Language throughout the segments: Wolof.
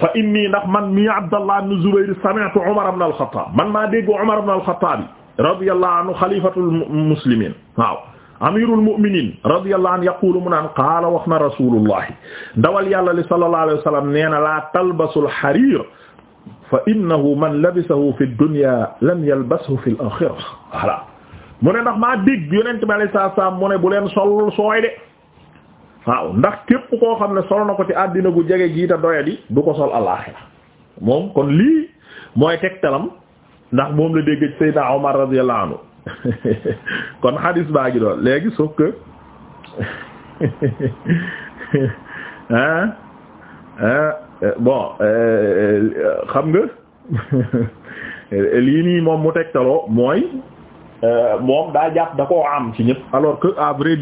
fa inni ndax man mii Abdallah ibn Zubayr sami'tu Umar ibn al-Khattab man maa dégg Umar ibn al-Khattab radiyallahu anhu xalifatul muslimin waaw amirul mu'minin radiyallahu anhu yaqulu mu naan qaala wax na rasulullahi ndawal yàlla li sallallahu alayhi wa sallam nee na laa talbasul xariir fa innahu man labisahu fi dunya lam yalbashu fi al-axira voilà mu ne ndax maa dégg yonent bi alayhi salaam mu ne bu leen sol sooy de. waaw ndax képp koo xam ne sol na ko ci àddina gu jege giita te doyadi du ko sol alaaxira moom kon lii mooy tegtalam ndax moom la dégg ci Seydina Omar radiyallahu anhu kon gi doon léegi sauf euh, xam nga lii nii moom mu tegtaloo mooy euh, moom daa jàpp da koo am ci ñëpp alors que à vrai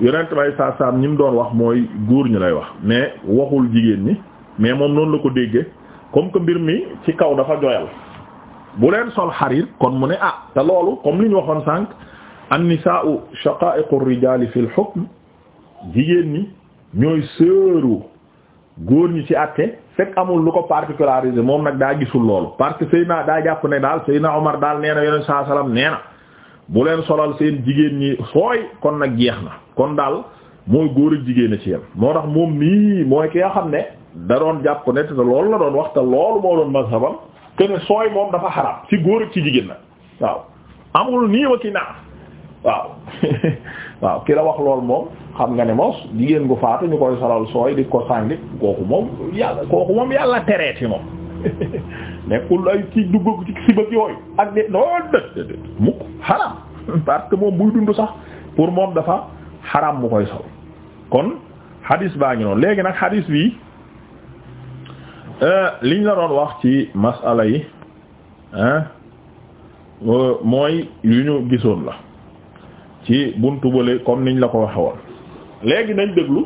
yonent bay saa ñi mu doon wax mooy góor ñu lay wax mais waxul jigéen ñi mais moom noonu la ko déggee comme que mbir mi ci kaw dafa joyal bu leen sol xariir kon mu ne ah te loolu comme li ñu waxoon sànq an-nisaa'u shaqaa'iqu rijaali fi hukm jigéen ñi ñooy sëru góor ñi ci àtte fekk amul lu ko particularisé moom nag daa gisul loolu parce que Seydina daa jàpp ne daal Seydina Omar daal nee na yonent saa salaam nee na bu leen solal seen jigéen ñi sooy kon nag jeex na kon daal mooy góor ak jigéen a ci yem moo tax moom nii mooy ki nga xam ne da doon jàpp ne loolu la doon wax te loolu moo doon mazhabam te ne sooy moom dafa xaram ci góor ak ci jigéen na waaw amul nii wa ki naa waaw la wax lool moom xam nga ne moos jigéen gu faatu ñu koy solal sooy di ko sànni kooku moom yàlla kooku moom yàlla teree ci moom nekkul ay ci dugg ci sibak yooyu ak di noonu mukk xaram parce que moom buy dund sax pour moom dafa xaram mu koy sol kon hadis baa ngi noonu léegi nag hadis bi euh, liñ la doon wax ci masala yi euh, mooy yu ñu gisoon la ci buntu bële comme niñ la ko waxe woon léegi nañ déglu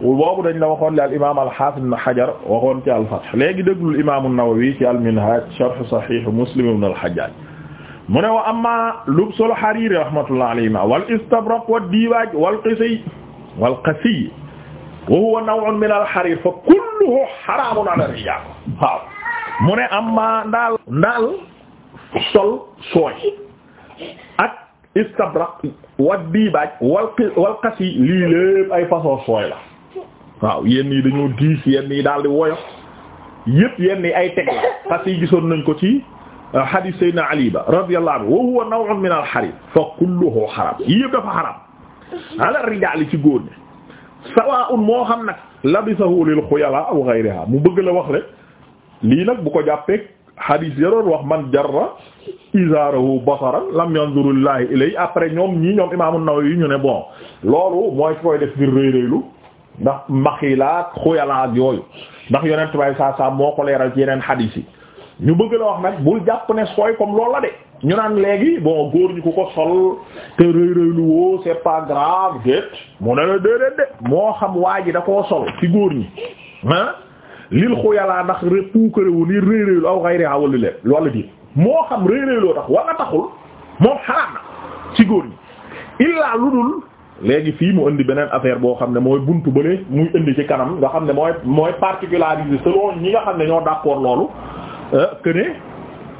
boobu dañ la waxoon li al imam al hafiz ibn hajar waxoon ci al fath léegi déglu imam an-nawawi ci al minhaj sharh sahih muslim ibn al hajjaj mu ne wa amma lubsul hariri rahmatullah alayhima wal istabraq wad diwaaj wal qisiy wal qasiy wa huwa naw'un min al harir fa kulluhu haramun ala rijal waaw mu ne amma ndaal ndaal sol sooy ak istabraq wad diwaaj wal wal qasiy lii lépp ay façon sooy la waaw yenn yi dañoo diis yenn yi daal di woyof yëpp yenn yi ay teg la qasiy gisoon nañ ko ci hadith Seydina Ali ba radiyallahu anhu wa huwa naw'un min al-harib fa kulluhu haram yi yëpp dafa haram ala rijaal ci góor ñi sawaa'un moo xam nag labisahu lil xuyala aw ghayriha mu bëgg la wax rek lii nag bu ko jàppee hadith ya doon wax man jarra izaarahu basaran lam yanzuru llahi ilay après ñoom ñii ñoom imaamu Nawawi ñu ne bon loolu mooy ki koy def ngir rëy rëylu ndax maxilaak xuyalaak yooyu ndax yonent bay saa saa moo ko leeral ci yeneen hadith yi ñu bëgg la wax nag bu jàpp ne sooy comme loolu la de ñu naan léegi bon góor ñu ko ko sol te rëy rëy lu woo c'est pas grave déet mu ne la déedéet de moo xam waa ji da koo sol ci góor ñi ah lil xuyalaa ndax ré puukaréwu li rëy rëy lu aw xayri awali leen loolu di moo xam rëy rëy loo tax wala taxul moom xaraam na ci góor ñi illaa lu dul léegi fii mu indi beneen affaire boo xam ne mooy buntu bële muy indi ci kanam nga xam ne mooy mooy particularisé selon ñi nga xam ne ñoo d'accord loolu Euh, que ne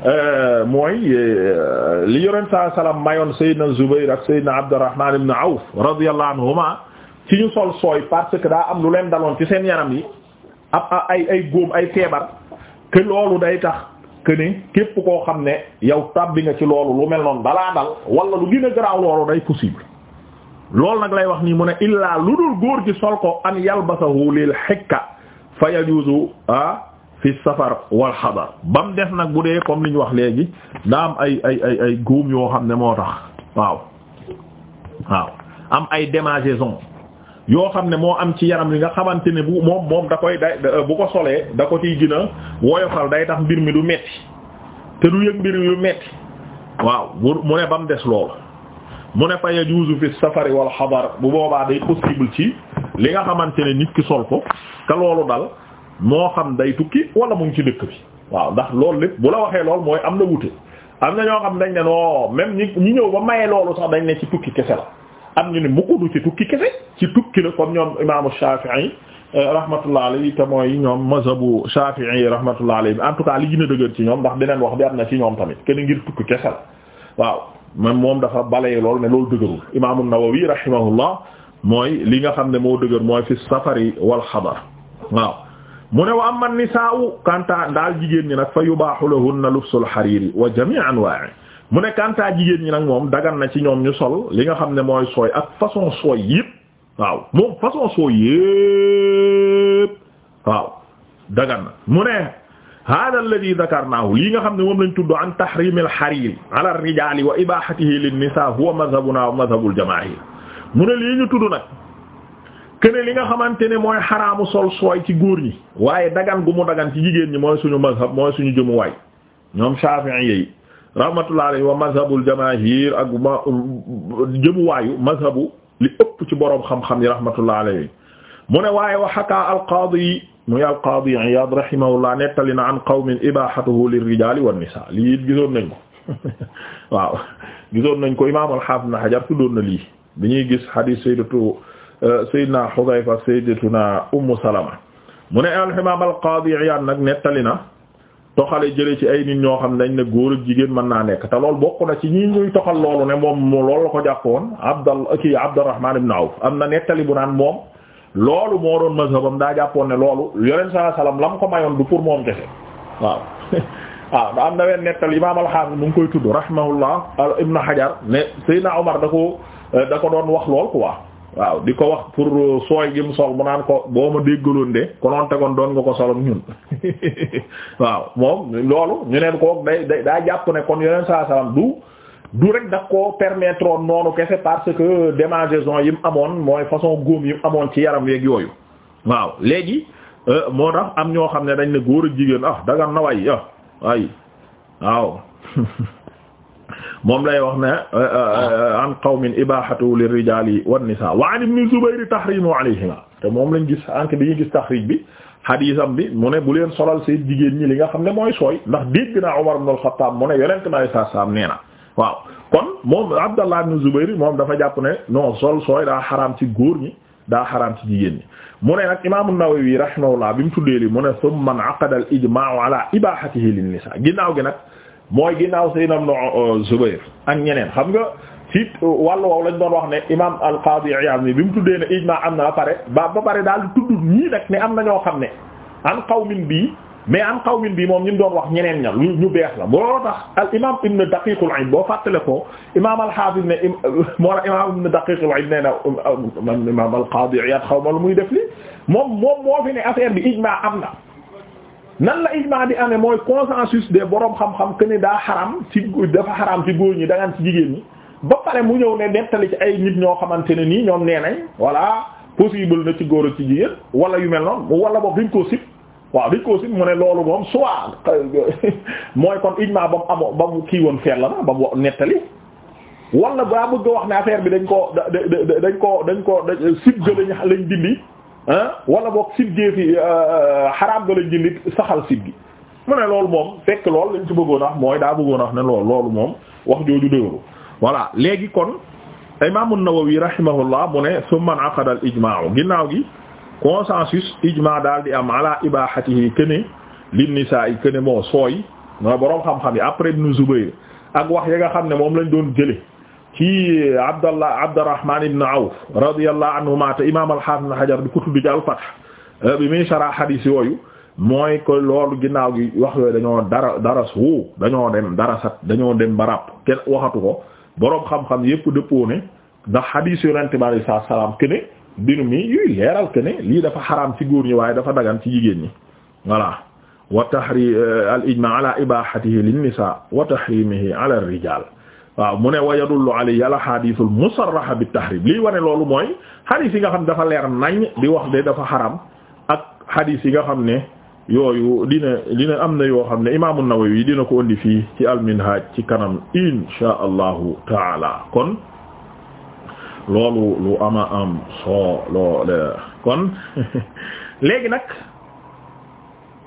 euh, mooy euh, li yonent saa salaam mayoon Seydina Zubayr ak Seydina Abdurrahman ibn Awf radiyallahu anhuma ci ñu sol sooy parce que daa am lu leen daloon ci seen yaram yi ab ay góom ay feebar que loolu day tax que képp koo xam ne yow tàbbi nga ci loolu lu mel noon balaa dal wala lu gën garaaw loolu day possible loolu nag lay wax nii mu ne illaa lu dul góor gi sol ko an yalbasahu lil hikka fa yajuzu ah fi safar wal xadar ba mu def nag bu dee comme li ñu wax léegi daa am ay ay ay ay góom yoo xam ne moo tax waaw waaw am ay démangeaison yoo xam ne moo am ci yaram li nga xamante ne bu moom moom da koy day bu ko solee da ko ciy gën a woyofal day tax mbir mi du metti te du yëg mbir yu metti waaw mu ne ba mu des loolu mu ne fa yajuuzu fi safari wal xadar bu boobaa day possible ci li nga xamante ne nit ki sol ko te loolu dal moo xam day tukki wala mu ngi ci dëkk bi waaw ndax loolu lépp bu la waxee lool mooy am na wute am na ñoo xam dañ ne non même ñi ñëw ba maye loolu sax dañ ne ci tukki kese la am ñu ne mu ko du ci tukki kese ci tukki la comme ñoom imaamu Shafi'i eh, rahmatullah alayhi te mooy ñoom mazhabu Shafi'i rahmatullah alayhi en tout cas li gën a dëgër ci ñoom ndax beneen wax bi am na ci ñoom tamit kenn ngir tukki kese la waaw man moom dafa balee loolu ne loolu dëgërul imaamu Nawawi rahimahullah mooy li nga xam ne moo dëgër mooy fi safari wal xadar waaw mu ne wa amma nisaa'u kanta daal jigéen ñi nag fa yubaahu lahunna lubsul xariiri wa jamii anwaa'i mu ne kanta jigéen ñi nag moom dagan na ci ñoom ñu sol li nga xam ne mooy sooy ak façon sooy yëpp waaw moom façon sooy yëpp waaw dagan na mu ne hada alladhi dhakarnahu lii nga xam ne moom lañ tudd an tahrim al xariiri ala ar-rijaali wa ibaahatihi lin-nisaa' huwa madhabuna wa madhabul jamaahir mu ne lii ñu tudd nag kene li nga xamante ne mooy xaraamu sol sooy ci góor ñi waaye dagan gu mu dagan ci jigéen ñi mooy suñu mazhab mooy suñu jëmuwaay ñoom Shafi'i yi rahmatullah alayhi wa mazhabul jamaahir ak ma jëmuwaayu mazhabu li ëpp ci boroom xam-xam yi rahmatullah alayhi mu ne waaye wa haka al-qaadi muy al-qaadi Iyaad rahimahullah nettali na an qawmin ibaahatuhu lirrijaali wan-nisaa lii it gisoon nañ ko waaw nañ ko imaam al-Haafiz Ibn Hajar tuddoon na li bi ñuy gis hadiis Euh, Seydina Hudayfa Seydatuna Ummu Salama mu ne al-Imaam al-Qaadi Iyaad nag nettali na toxale jële ci ay nit ñoo xam ne dañ ne góor ak jigéen mën naa nekk te loolu bokk na ci ñi ñuy toxal loolu ne moom loolu la ko jàppoon Abdal kii Abdurrahmaan ibn Awf am na nettali bu naan moom loolu moo doon mazhabam daa jàppoon ne loolu yonent sallallahu alayhi wasallam la mu ko mayoon du pour moom kese waaw waaw da am na wenn nettali imaam al-Haafiz mu ngi koy tudd rahimahullah Ibn Hajar ne Seydina Omar waaw di ko wax pour euh, sooy gi mu sol mu naan ko boo ma déggaloon de konoon tegoon doon nga ko solom ñun waaw moom loolu ñu neen ko day day daa jàpp ne kon yeneen saa salaam du du rek da ko permettre woon noonu kese parce que démangeaison yi mu amoon mooy façon góom yi mu amoon ci yaram yeeg yooyu waaw léegi euh, moo tax am ñoo xam ne dañ ne góor ak jigéen ah dagan na way ah ay waaw moom lay wax ne ah. eh, eh, eh, an qawmin ibahatu lirrijali wannisa wa an ibn zubayr tahrimu alayhima te moom lañ gis ank bi ñu gis taxrij bi xadiisam bi mu ne bu leen solal seen jigéen ñi li nga xam ne mooy sooy ndax dégg naa Umar ibn al-Khattab mu ne yonent bi saa saam nee na waaw kon moom Abdallah ibn Zubayr moom dafa jàpp ne non sol sooy daa xaraam ci góor ñi daa xaraam ci jigéen ñi mu ne nag imaamu Nawawi rahimahullah bi mu tuddee li mu ne thumma aqada al ijma'u ala ibahatihi lin nisa ginnaaw gi nag mooy ginnaaw Seydina Ibn Zubayr ak ñeneen xam nga ci wàllu woowu lañ doon wax ne imaam al-Qaadi Iyaad bi mu tuddee ne ijmaa am na ba pare ba ba daal tudd ñii nag ne am na ñoo xam ne an qawmin bii mais an qawmin bi moom ñu doon wax ñeneen ña ñu bees la moo tax al imaam Ibn Daqiiqul Iid boo fàttale ko imaam al-Haafiz ne moo la imaam Ibn Daqiiqul Iid nee na man imaam al-Qaadi Iyaad xaw ma lu muy def li moom moom moo fi ne affaire bi ijmaa am na. nan la ijmaa di amee mooy consensus de boroom xam-xam que ne daa xaram ci dafa xaram ci góor ñi da ci jigéen ñi ba pare mu ñëw ne nettali ci ay nit ñoo xamante ne nii ñoom nee nañ voilà possible na ci góor a ci jigéen wala yu mel noonu wala boog dañ koo sib waaw dañ koo sib mu ne loolu moom soit mooy kon ijmaa ba mu amoo ba mu kii woon feer la na ba mu nettali wala daa bëgg a wax ne affaire bi dañ koo da dañ koo dañ koo sib ga lañ lañ dindi wala boog sibgee fi euh, euh, xaraam ga la jëndi saxal sibgi mu ne loolu moom fekk loolu lañ ci bëggoon a mooy daa bëggoon a wax ne loolu loolu moom wax jooju dëgëru voilà léegi kon imam an-Nawawi rahimahullah mu ne summa aqada al ijma'u ginnaaw gi consensus ijma daal di am ala ibahatihi kene lin nisa'i kene moo sooy mooy boroom xam-xam yi après Ibn Zubayr ak wax ya nga xam ne moom lañ doon jële ci Abdallah Abdurrahman ibn Awf radiyallahu anhuma te imaam al-Hafiz Ibn Hajar di ko tudd ci al-Fath eh, bi muy sara xadiis yooyu mooy ko loolu ginnaaw gi wax yooyu dañoo dara dara su dañoo dem dara dañoo dem ba ràpp kenn waxatu ko boroom xam-xam yépp dëppoo ne ndax xadiis yu Yonent bi alayhi salaatu salaam kene mbir mi yuy leeral kene lii dafa xaram ci góor ñi waaye dafa dagan ci jigéen ñi voilà wa tahri eh, al ijma ala ibahatihi lin nisa wa tahrimihi ala ar waaw mu ne wa yadullu alayhi al ahadithul musarraha bit tahrim wane loolu mooy hadith yi nga xam dafa leer nañ di wax de dafa xaram ak hadith yi nga xam ne yooyu dina dina am na yoo xam ne imaamu Nawawi dina ko indi fii ci al alminhaj ci kanam insha allahu taala kon loolu lu ama am soo loole kon léegi nag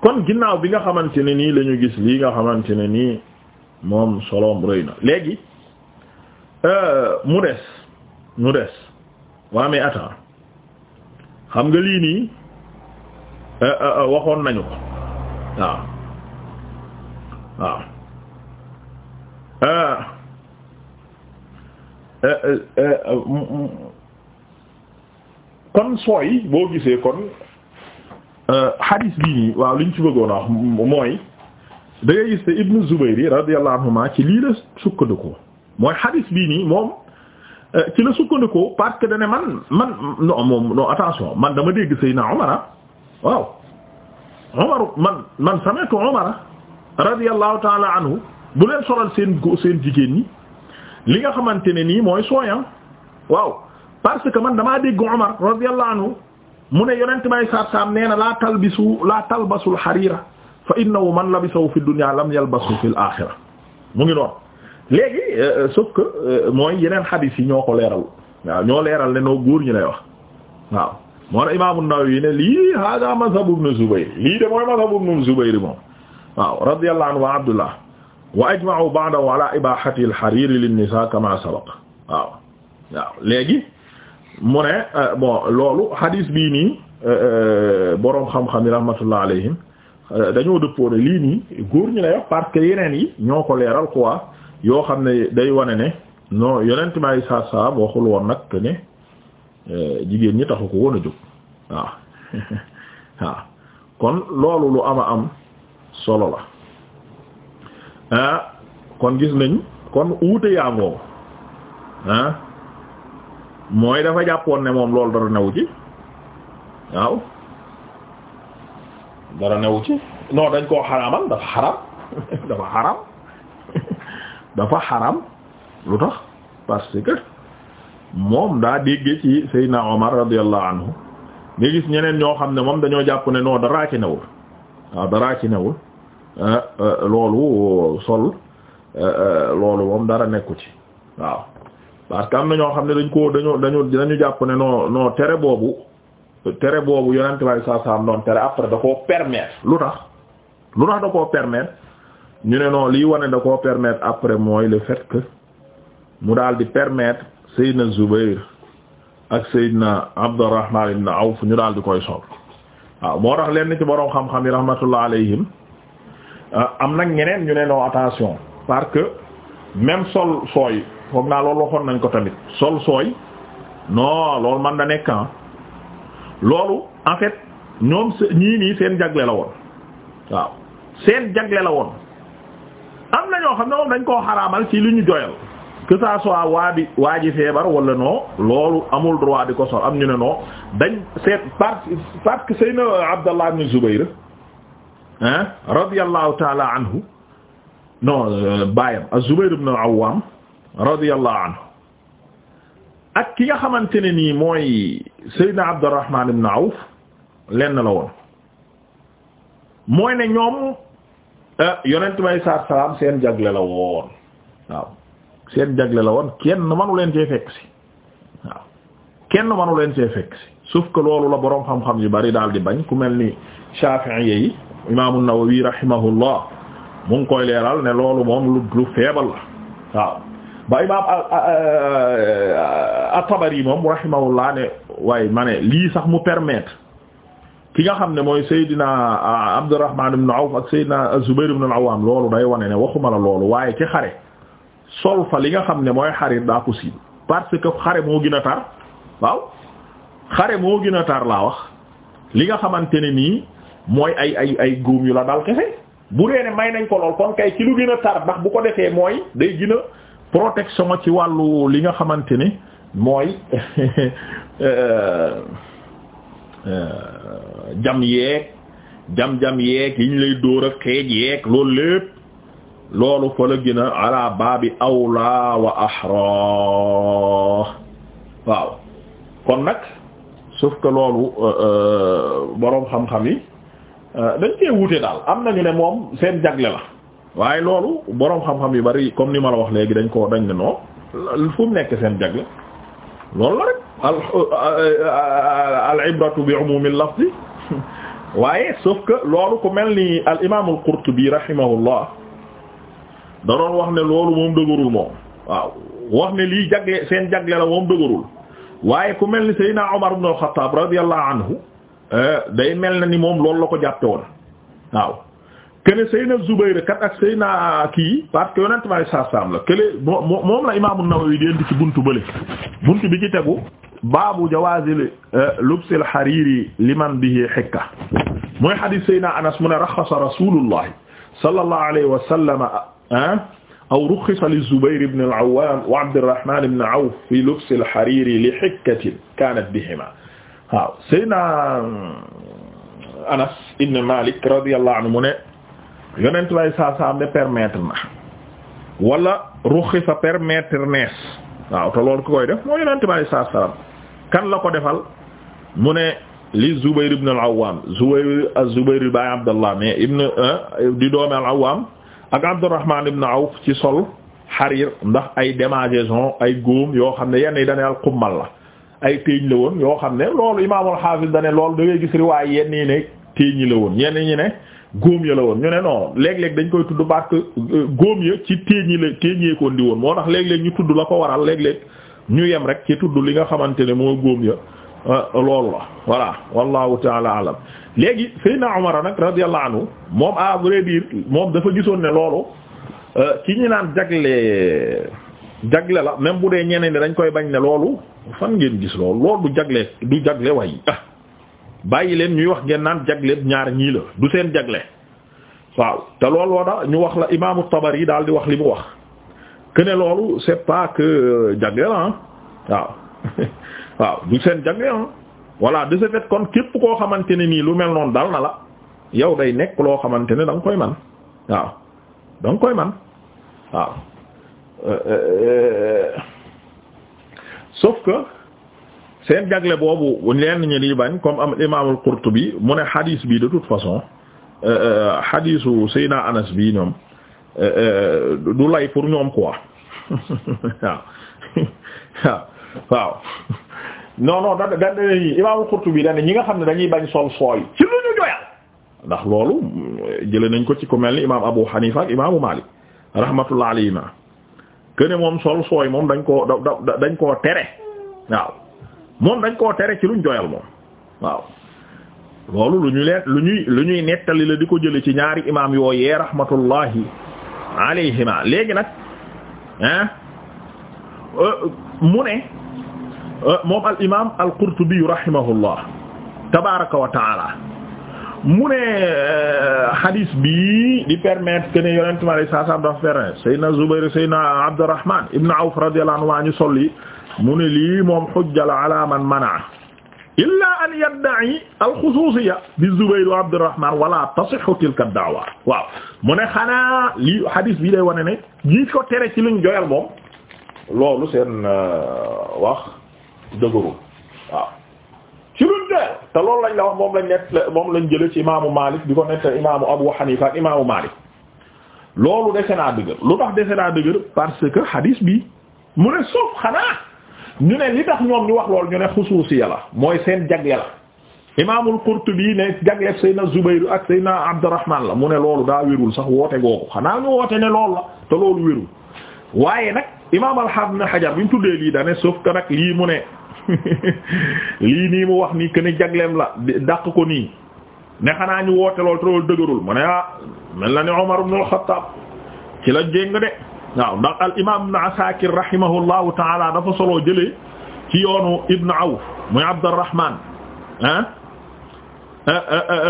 kon ginnaaw bi nga xamante ne nii la ñu gis lii nga xamante ne nii moom solom rëy na léegi Euh, mu des mu des waa mais attends xam nga lii nii euh, euh, waxoon nañu ko waaw waaw kon sooy boo gisee kon hadis bii nii waaw liñ ci bëggoon a wax mooy da ngay gis te Ibnu Zubayr radiyallahu anhuma ci lii la sukkandiku mooy hadith bii nii moom euh, ci la sukkandikoo parce que dane man man non moom non attention man dama dégg Seydina Umar ah, waaw Umar man man sami'tu Umar radiyallahu ta'ala anhu bu leen solal seen seen jigéen ñi li nga xamante ne nii mooy sooyan waaw parce que man damaa dégg Umar radiyallahu anhu mu ne yonent may saat saam nee na laa talbisu laa talbasul xariira fa innahu man labisahu fi dunya lam yalbasu fil axira mu ngi noonu léegi euh, euh, sauf que euh, mooy yeneen xadiis yi ñoo ko leeral waaw ñoo leeral ne noo góor ñi lay wax waaw moo na imaamu Nawawi ne lii hada mazhabu ibn Zubayr lii de mooy mazhabu ibn moom waaw radiyallahu anhu wa abdullah wa ajma'u ba'dahu ala ibahati al-harir lin-nisa kama sabaq waaw waaw léegi mu ne bon loolu hadis bii nii boroom xam-xam yi rahmatullah alayhim dañoo dëppoo ne lii nii góor ñi lay wax parce que yeneen yi ñoo ko leeral quoi yoo xam ne day wane ne non yonent may saa saa waxul woon nag que ne euh, jigéen ñi taxu ko woon a jóg waaw waaw kon loolu lu ama am solo la ah, kon gis nañ kon wuute yaa ngoo ah, mooy dafa jàppoon ne moom loolu dara newu ci waaw dara newu ci non dañ koo xaraamal dafa xaraam dafa xaraam dafa xaram lu tax parce que moom daa déggee ci Seydina Omar radiyallahu anhu nga gis ñeneen ñoo xam ne moom dañoo jàpp ne noo daraa ci newul waaw daraa ci newul euh, euh, loolu sol euh, loolu moom dara nekku ci waaw parce que am na ñoo xam ne dañ ko dañoo dañu dañu jàpp ne noo non tere boobu tere boobu yonent bi sallallahu alayhi wasallam doon tere après da koo permettre lu tax lu tax da koo permettre ñu ne noo lii wane da koo permettre après mooy le fait que mu daal di permettre Seydina Zubair ak Seydina Abdurrahman ibn Awf ñu daal di koy sol waaw moo tax leen ci boroom xam-xam yi rahmatullah alayhim ah, am nag ñeneen ñu ne non attention parce que même sol sooy foog naa loolu waxoon nañ ko tamit sol sooy non loolu man da nekk ah. loolu en fait ñoom ñii nii seen jagle la woon waaw seen jagle la woon am na ñoo xam ne dañ koo xaraamal ci li ñu doyal que ça soit waa bi waa ji feebar wala non loolu amul droit di ko sol am ñu ne non dañ seet parce parce que Seydina Abdallah ibn Zubayr ah radiyallahu taala anhu non euh, baayam az-Zubayr ibn al-Awwam anhu ak ki nga xamante ne nii mooy Seydina Abdurrahman ibn Awf lenn la mooy ne ñoom. yonent may saa salaam seen jagle la woon waaw seen jagle la woon kenn manu leen cee fekk si waaw kenn manu leen cee fekk si sauf que loolu la boroom xam-xam yu bari daal di bañ ku mel ni Shafi'i yi imaamu Nawawi rahimahullah mu ngi koy leeral ne loolu moom lu feebal la waaw ba imaam at-Tabari moom rahimahullah ne waaye ma ne lii sax mu permettre ki nga xam ne mooy Seydina Abdurrahman ibn Awf ak Seydina Zubayr ibn al-Awwam loolu day wane ne waxuma la loolu waaye ci xare sol fa li nga xam ne mooy xarit daa ko siib parce que xare moo gën a tar waaw xare moo gën a tar laa wax li nga xamante ne nii mooy ay ay ay góom yu la dal kese bu dee may nañ ko lool kon kay ci lu gën a tar ndax bu ko defee mooy day gën a protection ci wàllu li nga xamante ne mooy euh, Euh, jam yeeg jam-jam yeeg yi ñu lay dóor ak xeej yeeg loolu lépp loolu fa la gën a ala baabi awla wa ahra waaw kon nag sauf ko loolu euh, euh, boroom xam-xam yi dañ cee wuute daal am nañu ne moom seen jagle la waaye loolu boroom xam-xam yu bari comme ni ma la wax léegi dañ ko dañ ne noo fu mu nekk seen jagle loolu la rek al ibratu bi umumil lafzi waaye sauf que loolu ku mel ni al imaam al qurtubi rahimahullah da doon wax ne loolu moom dëgërul moom waaw wax ne lii jagle seen jagle la moom dëgërul waaye ku mel ni Seydina Omar ibn al Khattab radiyallahu anhu eh, day mel na ni moom loolu la ko jàppe woon waaw kene Seyna Zubayr kat ak Seyna kii parce que yonent may saasaam la kële moom la Imaam An-Nawawi di indi ci buntu bële buntu bi ci tegu baabu jawaazil euh, lubsil xariiri liman bihi xikka mooy xadiis Seyna Anas mu ne raxasa rasuulullahi sallallahu alayhi wa sallam ah, aw ruxxisa li Zubayr ibn al-Awwaam wa Abdurrahmaan ibn Awf fi lubsil xariiri li xikkatin kaanat bihimaa waaw Seyna Anas ibn Maalik radiyallahu anhu mu ne yonent way saa saam de permettre na wala ruxi fa permettre nees waaw te loolu ku koy def moo yonent way saa kan la ko defal mu ne li Zubayr ibn al-Awwam Zubayr az-Zubayr baay Abdallah mais ibn euh, al-Awwam ak Abdurrahman ibn Awf ci sol xariir ndax ay démangeaison ay góom yoo xam ne yenn yi dane al qummal la ay téeñ la woon yoo xam ne loolu imaamul xaafis dane loolu da gis riwaay yenn yi ne téeñ yi la woon ñenn ñi ne góom ya la woon ñu ne non léeg-léeg dañ koy tudd barke euh, góom ya ci téeñ yi la téeñ yee woon moo tax léeg-léeg ñu tudd la ko waral léeg-léeg ñu yem rek ci tudd li nga xamante ne moo góom ya euh, loolu la voilà wallahu taala alam léegi Seydina Umar nag radiyallahu anhu moom à vrai dire moom dafa gisoon ne loolu euh, ci ñi naan jagle jagle la même bu dee ñeneen ni dañ koy bañ ne loolu fan ngeen gis loolu loolu du jagle du jagle way ah. bàyyi leen ñuy wax ngeen naan jagle ñaar ñii la du seen jagle waaw te loolu woo ñu wax la imaamu Tabari daal di wax li mu wax que ne loolu c'est pas que jagle la ah. waaw du seen jagle ah voilà kon képp koo xamante ne nii lu mel noonu dal na la yow day nekk loo xamante ne da nga koy man waaw da koy man waaw euh, euh, euh, seen jagle boobu lenn ñi di bañ comme am imaam al-Qurtubi mu ne hadis bi de toute façon hadisu euh, euh, Seydina Anas bi ñoom euh, du lay pour ñoom quoi waaw waaw non non da da imaam al-Qurtubi da ñi nga xam ne dañuy bañ sol sooy ci lu ñu doyal ndax loolu jëlee nañ ko ci ku mel ni imaam Abu Hanifa ak imaamu Maalik rahmatullah alayhima que ne moom sol sooy moom dañ koo da dañ koo tere waaw. moom dañ koo tere ci luñ joyal moom waaw loolu lu ñu leen lu ñuy lu ñuy nettali la di ko jële ci ñaari imaam yooyee rahmatullahi alayhima léegi nag ah mu ne moom al imaam al qurtubi rahimahullah tabaaraka wa mu ne hadis bi di permettre que ne yonent mi alayhi salaam dafa permettre Seydina Zubayr Seydina Abdurrahman ibn Awf radiyallahu anhu ñu solli mu ne lii moom xujja la ala man manaa an yadda'i alxusuusiya bi Zubayr wa Abdurrahman wala tasixu tilka da'wa waaw mu ne xanaa lii hadis bi day wane ne ñi ko tere ci luñ joyal moom loolu seen euh, wax dëgërul waaw ci luñ joyal te loolu lañ la wax moom lañ nett moom lañ jële ci imaamu Maalik di Abu Hanifa ak imaamu loolu dese naa dëgër lu parce que hadis bi mu ne suuf xanaa ñu ne li tax ñoom ñu wax lool ñu ne xusuusiya la mooy seen jagle la imaamul Qurtubi ne jagleel Seyna Zubayru ak Seyna Abdurrahman la mu ne loolu daa wérul sax woote googu xanaa ñu woote ne loolu la te loolu wérul waaye nag imaam al-Hafiz xajar bi ñu tuddee lii dane sauf que nag lii mu ne lii nii mu wax nii que ne la dàq ko nii ne xanaa ñu woote loolu te loolu dëgërul mu ne ah mel na ni Umar ibn al-Khattab ci la jéng de. waaw ndax al imam ibn asakir rahimahullahu taala dafa soloo jëlee ci yoonu ibn awf muy abdurrahman ah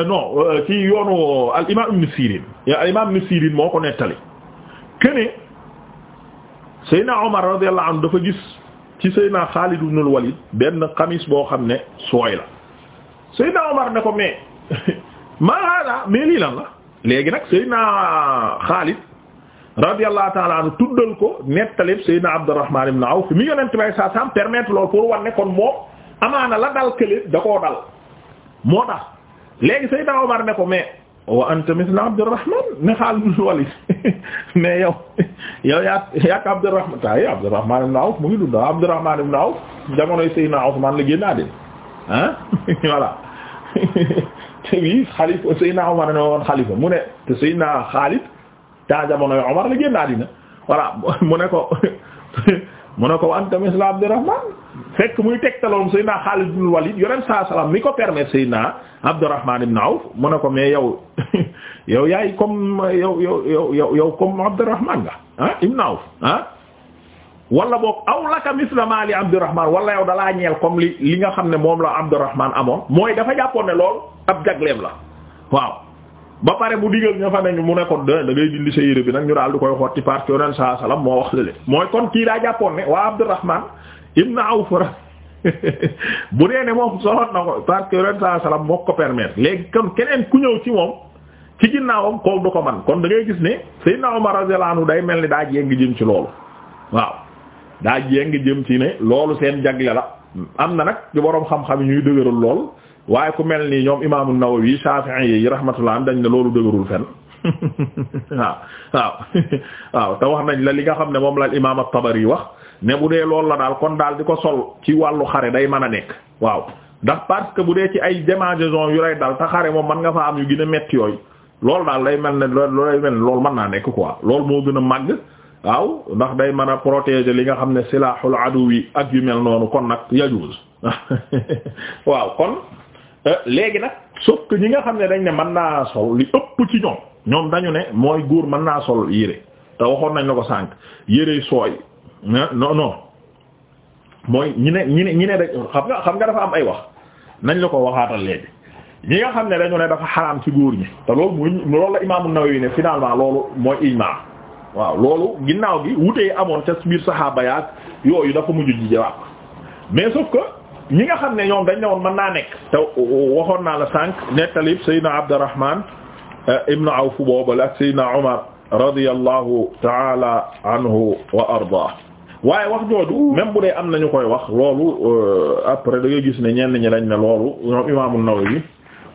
non ci yoonu al imam ibn sirin al imam ibn sirin moo ko nettali kene Seydina Omar radiyallahu anhu dafa gis ci Seydina Xaalid ibn al-Walid benn xamis boo xam ne sooy la Seydina Omar ne ko mais maa haada mais lii lan la léegi nag Seydina Xaalid radiyallahu ta'ala anhu tuddal ko nettalib Seydina Abdurrahman ibn Awf mi yonent bay saa sam permettre loolu pour wane kon moom amaana la dal kële da koo dal moo tax léegi Seydina Omar ne ko mais wa anta mithla Abdurrahman ne Xaalid ibn Walid mais yow yow yaa yaak Abdurrahman ta eh, Abdurrahman ibn Awf mu ngi dund Abdurrahman ibn Awf jamonoy Seydina Usman la génnaa den ah voilà te wi xalifa Seydina Omar ne woon xalifa mu ne te Seydina Xaalid taa jamonoy Omar la génn àddina voilà mu ne ko mu ne ko wa anta misla Abdurrahman fekk muy tegtaloon Seydina Xaalid ibn Walid yonent saa mi ko permettre Seydina Abdurrahman ibn Awf mu ne ko mais yow yow aw laka misla ma li Abdurrahman wala yow dalaa ñeel comme li li nga xam ne moom la Abdurrahman amoon mooy dafa jàppoon ne lool ab jagleem la waaw. ba pare bu digal ñoo fa nañu mu nekkoon ko eh, da dindi sa yére bi nag ñu daal di koy xotti parce que yoneen moo wax lële mooy kon kii daa jàppoon ne waa Abdurrahman ibn Awf bu dee ne moom soloon na ko parce que yoneen saa salaam moo ko permettre léegi kon keneen ku ñëw ci moom ci ginnaawam koom du ko man kon da ngay gis ne Sayyidna Umar radiyallahu anhu day mel ni daa jéng jëm ci loolu waaw daa jéng jëm ci ne loolu seen jagle la am na nag ci boroom xam-xam yi lool waaye ku mel nii ñoom imaamu Nawawi Shafi'i yi rahmatullah dañ ne loolu dëgërul fenn waaw waaw waaw te wax nañ la li nga xam ne moom la imaam at-Tabari wax ne bu dee loolu la daal kon daal di ko sol ci wàllu xare day mën a nekk waaw ndax parce bu dee ci ay démangeaison yu lay dal te moom mën nga fa am yu gën a yooyu loolu daal day mel ne loolu day mel ne loolu mën naa nekk quoi loolu moo gën a màgg waaw ndax day mën a protéger li nga xam ne silahul aduwi ak yu mel noonu kon nag yajuuz waaw kon Euh, léegi nag sauf que ñi nga xam ne dañ ne man naa sol li ëpp ci ñoom ñoom dañu ne mooy góor mën naa sol yére te waxoon nañ la ko sànq yére sooy non non mooy ñi ne ñi ne ñi ne xam nga xam nga dafa am ay wax nañ la ko waxaatal léegi ñi nga xam ne dañu ne dafa xaraam ci góor ñi te loolu mooy loolu la imaamu Nawawi ne finalement loolu mooy ijmaa waaw loolu ginnaaw gi wutee amoon ca biir saxaaba yaak yooyu dafa mujj ji jawaab mais sauf que ñi nga xam ne ñoom dañ ne woon mën naa nekk waxoon naa la sànq nettalib Seydina Abdurrahman eh, ibnu Awf boobale ak Seydina Omar radiyallahu taala anhu wa arda waaye wax jooju même bu dee am nañu koy wax loolu eh, après da ngay gis ne ñenn ñi dañ ne loolu ñoom imaamu Nawawi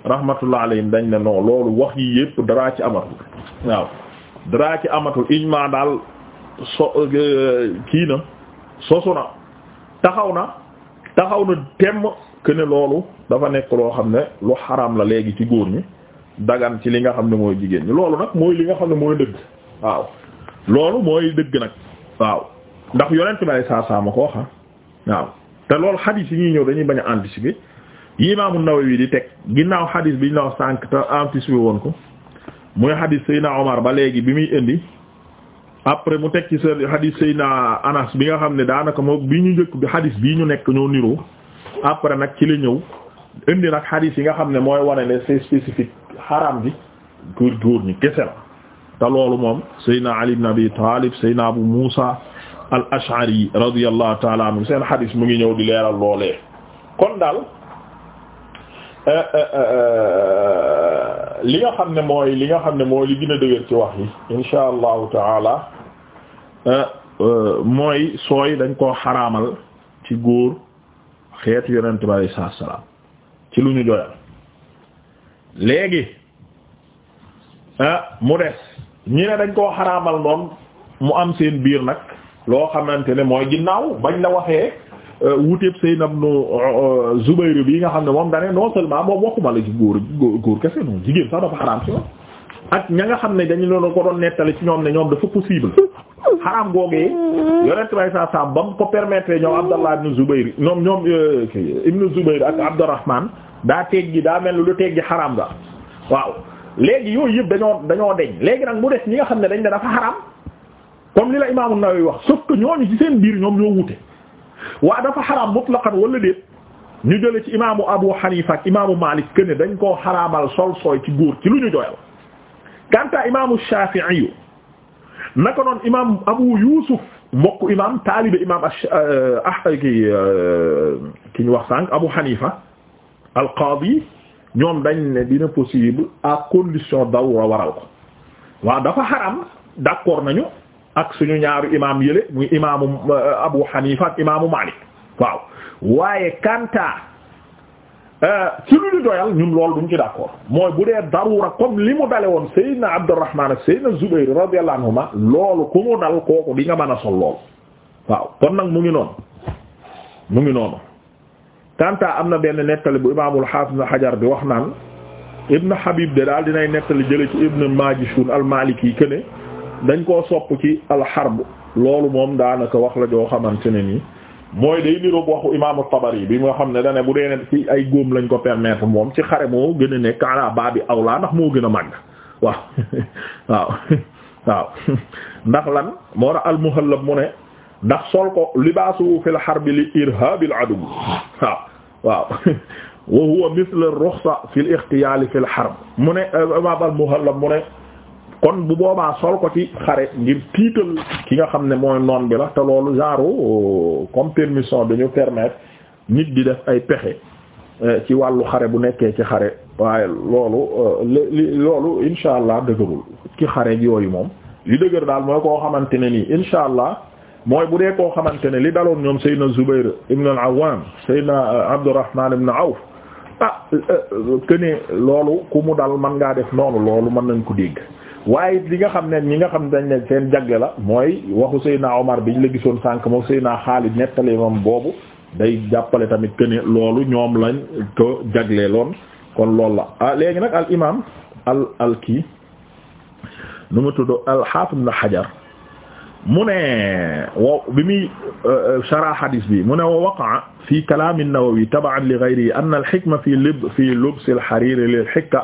rahmatullah alayhim dañ ne non loolu wax yi yépp daraa ci amatul waaw daraa ci amatul ijmaa daal so eh, kii na sosu na na taxaw na temm que ne loolu dafa nekk loo xam ne lu xaram la léegi ci góor ñi dagan ci li nga xam ne mooy jigéen ñi loolu nag mooy li nga xam ne mooy dëgg waaw loolu mooy dëgg nag waaw ndax yonent bay saa saa ma ko wax ah waaw te loolu xadiis yi ñuy ñëw dañuy bañ a anticiper yi Imaamu Nawawi di teg ginnaaw xadiis bi ñu la wax sànq te anticiper woon ko muy xadiis Seydina Omar ba léegi bi muy indi après mu teg ci sa hadis Seyna Anas bi nga xam ne daanaka moo bii ñu njëkk bi hadis bii ñu nekk ñoo niroo après nag ci la ñëw indi nag hadis yi nga xam ne mooy wane ne c'est spécifique xaram bi pour góor ñu kese la te loolu moom Seyna Ali ibn Abi Talib Seyna Abu Musa al Ash'ari radiyallahu ta'ala anhu seen hadis mu ngi ñëw di leeral loolee kon daal. Euh, euh, euh, li nga xam ne mooy li nga xam ne mooy li gën a dëgër ci wax yi insha allahu taala eh, eh, mooy sooy dañ koo xaraamal ci góor xeetu yonent bi alei salaatu salaam ci lu ñu doyal léegi eh, mu des ñi ne dañ koo xaraamal noonu mu am seen biir nag loo xamante ne mooy ginnaaw bañ la waxee Euh, wuteeb Sayyid ibn euh, Zubayr bi nga xam ne moom dane non seulement moom waxuma la ci góor góor kese non jigéen sax dafa xaraam ci moom ak ña nga xam ne dañu doon ko doon ci ñoom ne ñoom dafa possible xaraam googee yonent bay saa saam ba mu ko permettre ñoom Abdallah ibn Zubayr ñoom ñoom euh, ibn Zubayr ak Abdurrahman daa teggi daa mel lu teggi xaraam ga waaw léegi yooyu yëpp dañoo dañoo deñ léegi nag mu des ñi nga xam ne dañ ne dafa xaraam comme li la Imam An-Nawawi wax sauf que ñooñu ñoo waa dafa xaraam mutlaqan wala déet ñu jële ci imaamu Abu Hanifa ak imaamu Malik que ne dañ koo xaraamal sol sooy ci góor ci lu ñu doyal kanta imaamu Shafi'i naka Abu Yusuf mbokk imaam taalibe imaam euh, ah euh, ki ki wax sànq Abu Hanifa al-Qadi ñoom dañ ne dina possible à condition dawra waral ko waaw dafa xaraam d'accord nañu ak suñu ñaaru imaam yële muy imaamu euh, Abu Hanifa ak imaamu waaye kanta euh, ci lu ñu doyal ñun loolu duñ ci d'accord mooy bu dee darura comme li mu dale woon Seydina Abdurrahman ak Seydina Zubayr radiyallahu anhuma loolu ku mu dal kooku di nga mën a sol kon nag mu ngi noonu mu ngi noonu am na benn nettali bu imaamul a Hajar bi wax naan Ibn Habib de daal dinay nettali jële ci Ibn Majishun al-Maliki këne dañ koo sopp ci alxarb loolu moom daanaka wax la joo xamante ne nii mooy day niroog waxu imaamu Tabari bi moo xam ne dane bu dee ci ay góom lañ ko permettre moom ci xare moo gën a nekk ala baabi awlaa ndax moo gën a màgg waaw waaw ndax lan moo tax al-Muhallab mu ne ndax sol ko libaasu fil harbi li irhaabil waaw waaw mu ne imaam al-Muhallab mu ne kon bu boobaa sol ko ci xare ngir tiital ki nga xam ne mooy noon bi la te loolu genre euh, comme permission dañu permettre nit di def ay pexe euh, ci wàllu xare bu nekkee ci xare waaye loolu euh, li loolu insha allah dëgërul ci xare yooyu moom li dëgër daal mooy koo xamante ne nii insha allah mooy bu dee koo xamante ne li daloon ñoom Seydina Zubayr ibn al-Awwam Seydina Abdurrahman ibn Awf ah que ne loolu ku mu dal mën ngaa def noonu loolu mën nañ ko dégg waaye it li nga xam ne ñi nga xam dañ ne seen jagle la mooy waxu Seydina Omar biñ la gisoon sànq moom Seydina Xaalid nettali moom boobu day jàppale tamit que ne loolu ñoom lañ ko jagle loon kon loolu la ah léegi nag al imaam al al kii nu mu tudd al Haafiz Ibn Hajar mu ne wow bi muy euh, shara bi mu ne wa fi kalaam an-Nawawi taba'an li ghayrihi anna al-hikma fi lib fi lubs al-hariir lil-hikka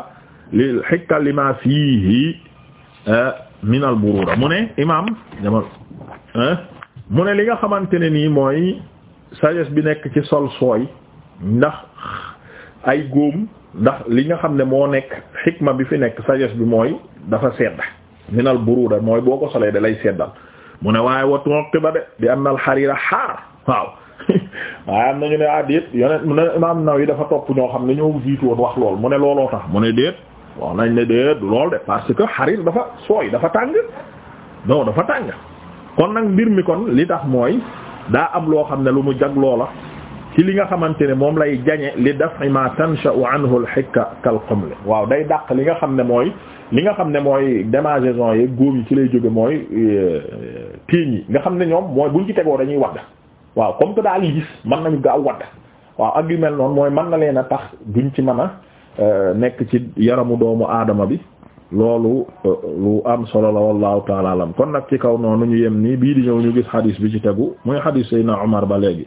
lil-hikka lima fiihi Euh, minal al buruda mu ne imaam jamal mu ne li nga xamante ne nii mooy sagesse bi nekk ci sol sooy ndax ay góom ndax li nga xam ne moo nekk xikma bi fi nekk sagesse bi mooy dafa sedda min al buruda mooy boo ko solee da lay seddal mu ne waaye wa tuqiba de di am na al xariira xaar waaw waaye am nañu ne ah déet yonent mu ne imaam Nawawi dafa topp ñoo xam ne ñoo jiitu woon wax lool mu ne looloo tax mu ne déet wax nañ ne de du lool de parce que xarit dafa sooy dafa tàng non dafa tàng kon nag mbir mi kon li tax mooy daa am loo xam ne lu mu jag loola ci li nga xamante ne moom lay jañe li daf'i ma tansha'u anhu al-hikka kal-qaml waaw day dàq li nga xam ne mooy li nga xam ne mooy démangeaison yi góom yi ci lay jóge mooy euh, tiiñ yi nga xam ne ñoom mooy buñ ci tegoo dañuy wadd waaw comme que daal gis mën nañu gaaw wadd waaw ak yu mel noonu mooy man na leen a tax duñ ci mën a Euh, nekk ci yaramu doomu aadama bi loolu euh, lu am solo la wallahu taala alam kon nag ci kaw noonu ñu yem nii bii di ñëw ñu gis xadis bi ci tegu muy xadis Seydina Omar ba léegi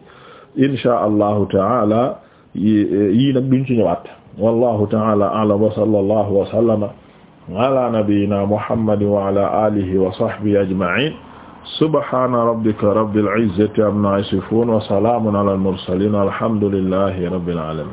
insha allahu taala yii nag duñ ci ñëwaat wallahu taala alam wa sallallahu wa sallama ala nabiyyina muhammadin wa ala alihi wa sahbihi ajma'in subhana rabbika rabbil izzati amma yasifun wa salamun ala al mursalin alhamdulillahi rabbil alamin